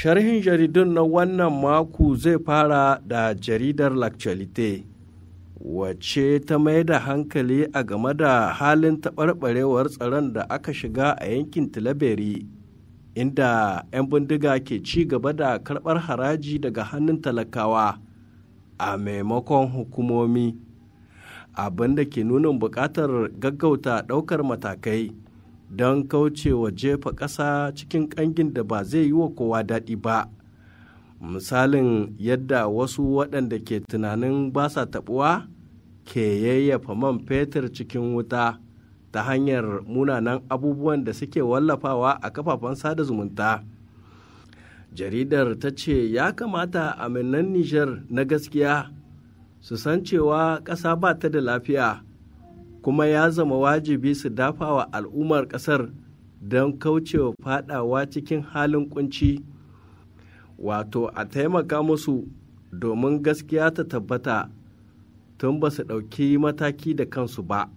Sharhin jaridun na wannan maku zai fara da jaridar L'Actualité, wacce ta mai da hankali a game da halin taɓarɓarewar tsaron da aka shiga a yankin Tilaberi, inda 'yan bindiga ke ci gaba da karɓar haraji daga hannun talakawa a maimakon hukumomi, abin da ke nuna buƙatar gaggauta ɗaukar matakai. don kaucewa jefa ƙasa cikin ƙangin da ba zai yi wa kowa daɗi ba misalin yadda wasu waɗanda ke tunanin ba sa taɓuwa ke yayyafa man fetur cikin wuta ta hanyar munanan abubuwan da suke wallafawa a kafafen sada zumunta jaridar ta ce ya kamata a aminan nijar na gaskiya su san cewa ƙasa ba ta da lafiya kuma ya zama wajibi su dafa wa al'ummar ƙasar don kaucewa fadawa cikin halin kunci wato a taimaka musu domin gaskiya ta tabbata tun ba su ɗauki mataki da kansu ba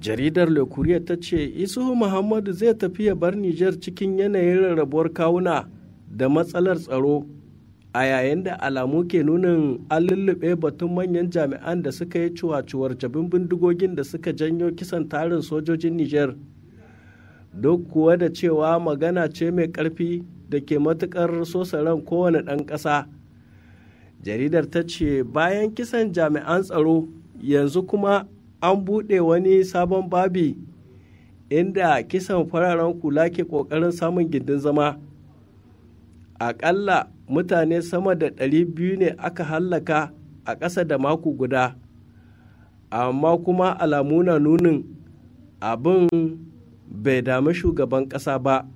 jaridar lokuriya ta ce isuhu muhammadu zai tafi ya bar nijar cikin yanayin rarrabuwar kawuna da matsalar tsaro a yayin da alamu ke nunin an lullube batun manyan jami'an da suka yi cuwacuwar jabin bindigogin da suka janyo kisan tarin sojojin niger duk kuwa da cewa magana ce mai ƙarfi da ke matuƙar sosa ran kowane ɗan ƙasa jaridar ta ce bayan kisan jami'an tsaro yanzu kuma an buɗe wani sabon babi inda kisan fararen kula ke ƙoƙarin samun gindin zama aƙalla mutane sama da ɗari biyu ne aka hallaka a ƙasa da mako guda amma kuma alamu na nunin abin bai dami shugaban ƙasa ba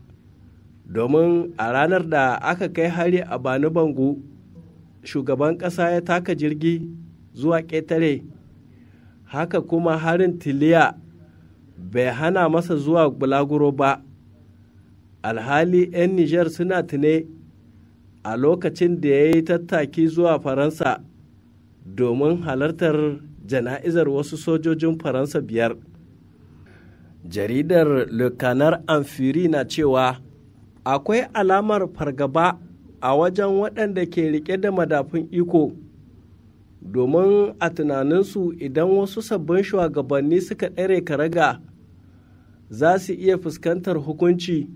domin a ranar da aka kai hari a bani bango shugaban ƙasa ya taka jirgi zuwa ƙetare haka kuma harin tiliya bai hana masa zuwa bulaguro ba alhali 'yan nijar suna tune a lokacin da ya yi tattaki zuwa faransa domin halartar jana'izar wasu sojojin faransa biyar jaridar le canard amfiri na cewa akwai alamar fargaba a wajen waɗanda ke rike da madafun iko domin a tunaninsu idan wasu sabbin shugabanni suka ɗare karaga za su iya fuskantar hukunci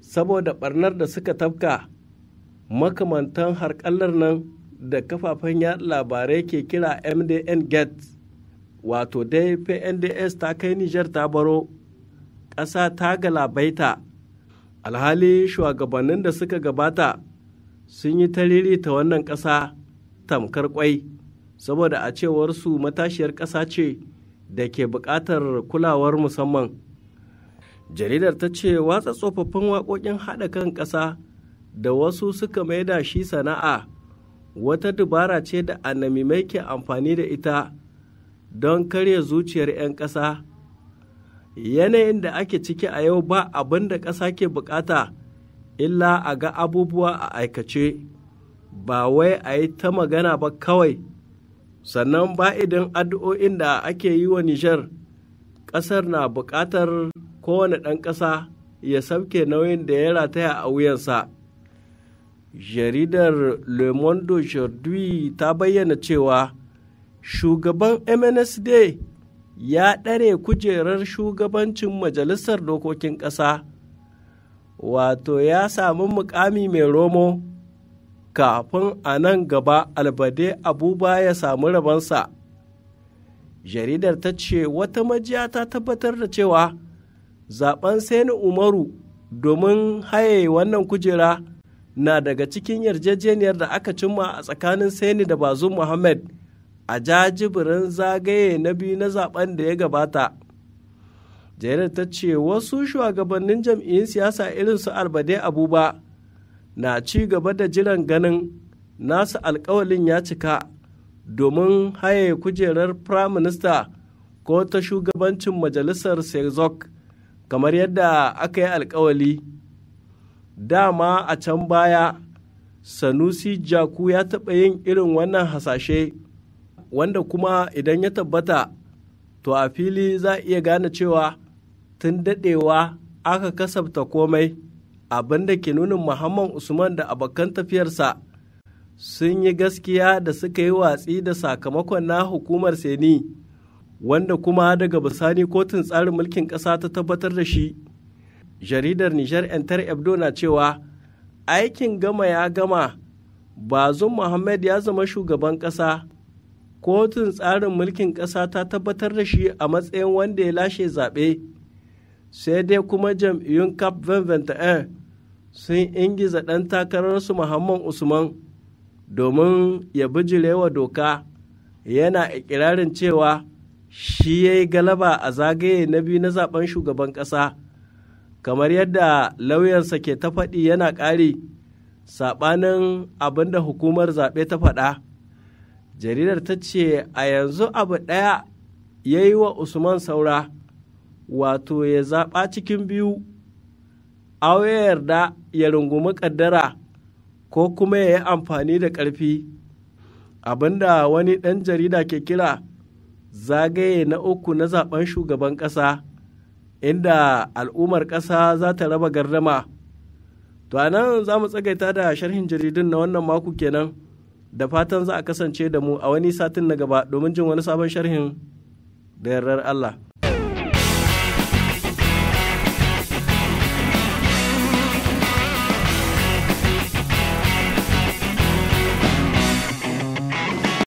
saboda ɓarnar da suka tafka makamantan harƙallar nan da kafafen yaɗa labarai ke kira mdn get wato dai pnds ta kai nijar ta baro ƙasa ta galabaita alhali shugabannin da suka gabata sun yi tariri ta wannan ƙasa tamkar kwai saboda a cewar su matashiyar ƙasa ce da ke buƙatar kulawar musamman jaridar ta ce watsa tsofaffin waƙoƙin haɗa kan ƙasa da wasu suka maida shi sana'a wata dubara ce da mai ke amfani da ita don karya zuciyar 'yan ƙasa yanayin da ake ciki a yau ba abin da ƙasa ke bukata illa a ga abubuwa a aikace ba wai a yi ta magana ba kawai sannan ba idan addu'o'in da ake yi wa nijar ƙasar na bukatar kowane ɗan ƙasa ya sauke nauyin da ya rataya a wuyansa jaridar le monde aujourd'hui ta bayyana cewa shugaban mnsd ya ɗare kujerar shugabancin majalisar dokokin ƙasa wato ya sami mukami mai romo kafin a nan gaba albade abuba ya samu rabansa jaridar ta ce wata majiya ta tabbatar da cewa zaben sani umaru domin haye wannan kujera na daga cikin yarjejeniyar da aka cimma a tsakanin saini da Bazum Muhammad a jajibirin zagaye na biyu na zaben da ya gabata. Jairar ta ce wasu shugabannin jam'iyyun siyasa irin su Albade Abuba na ci gaba da jiran ganin nasu alkawalin ya cika domin haye kujerar Prime Minister ko ta shugabancin Majalisar Sezok kamar yadda aka yi alkawali. dama a can baya sanusi jaku ya taɓa yin irin wannan hasashe wanda kuma idan ya tabbata to a fili za a iya gane cewa tun daɗewa aka kasafta komai abin da ke nunin muhammad usman da abokan tafiyarsa sun yi gaskiya da suka yi watsi da sakamakon na hukumar seni wanda kuma daga bisani kotun tsarin mulkin ƙasa ta tabbatar da shi jaridar Nijar entar ebdo na cewa aikin gama ya gama bazum muhammad ya zama shugaban ƙasa kotun tsarin mulkin ƙasa ta tabbatar da shi a matsayin wanda ya lashe zaɓe sai dai kuma jam'iyyun cap 21 sun ingiza ɗan takararsu muhammad usman domin ya wa doka yana ikirarin cewa shi ya yi galaba a zagaye na biyu na zaben shugaban ƙasa kamar yadda lauyansa ke ta faɗi yana ƙari saɓanin abin da hukumar zaɓe ta faɗa jaridar ta ce a yanzu abu ɗaya ya yi wa usman saura wato ya zaɓa cikin biyu awe yarda ya rungumi ƙaddara ko kuma ya yi amfani da ƙarfi abinda wani ɗan jarida ke kira zagaye na uku na zaɓen shugaban ƙasa inda al'ummar ƙasa za ta raba gardama to nan za mu tsagaita da sharhin jaridun na wannan mako kenan da fatan za a kasance da mu a wani satin na gaba domin jin wani sabon sharhin da yardar Allah